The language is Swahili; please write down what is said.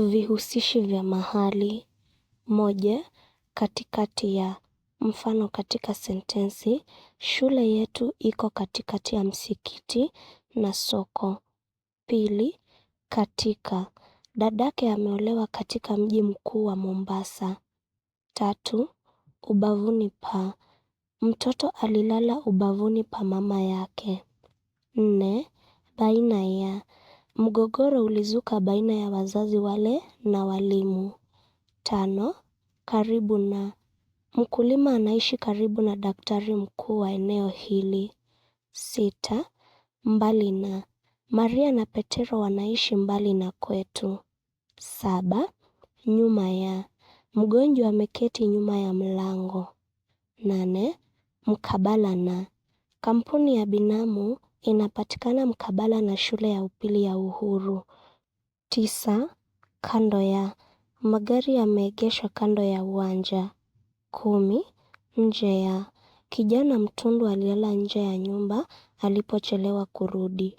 Vihusishi vya mahali moja katikati ya mfano katika sentensi, shule yetu iko katikati ya msikiti na soko. Pili, katika dadake ameolewa katika mji mkuu wa Mombasa. Tatu, ubavuni pa mtoto alilala ubavuni pa mama yake. Nne, baina ya Mgogoro ulizuka baina ya wazazi wale na walimu. Tano, karibu na mkulima anaishi karibu na daktari mkuu wa eneo hili. Sita, mbali na Maria na Petero wanaishi mbali na kwetu. Saba, nyuma ya mgonjwa ameketi nyuma ya mlango. Nane, mkabala na kampuni ya binamu Inapatikana mkabala na shule ya upili ya Uhuru. Tisa, kando ya magari yameegeshwa kando ya uwanja. Kumi, nje ya kijana mtundu alilala nje ya nyumba alipochelewa kurudi.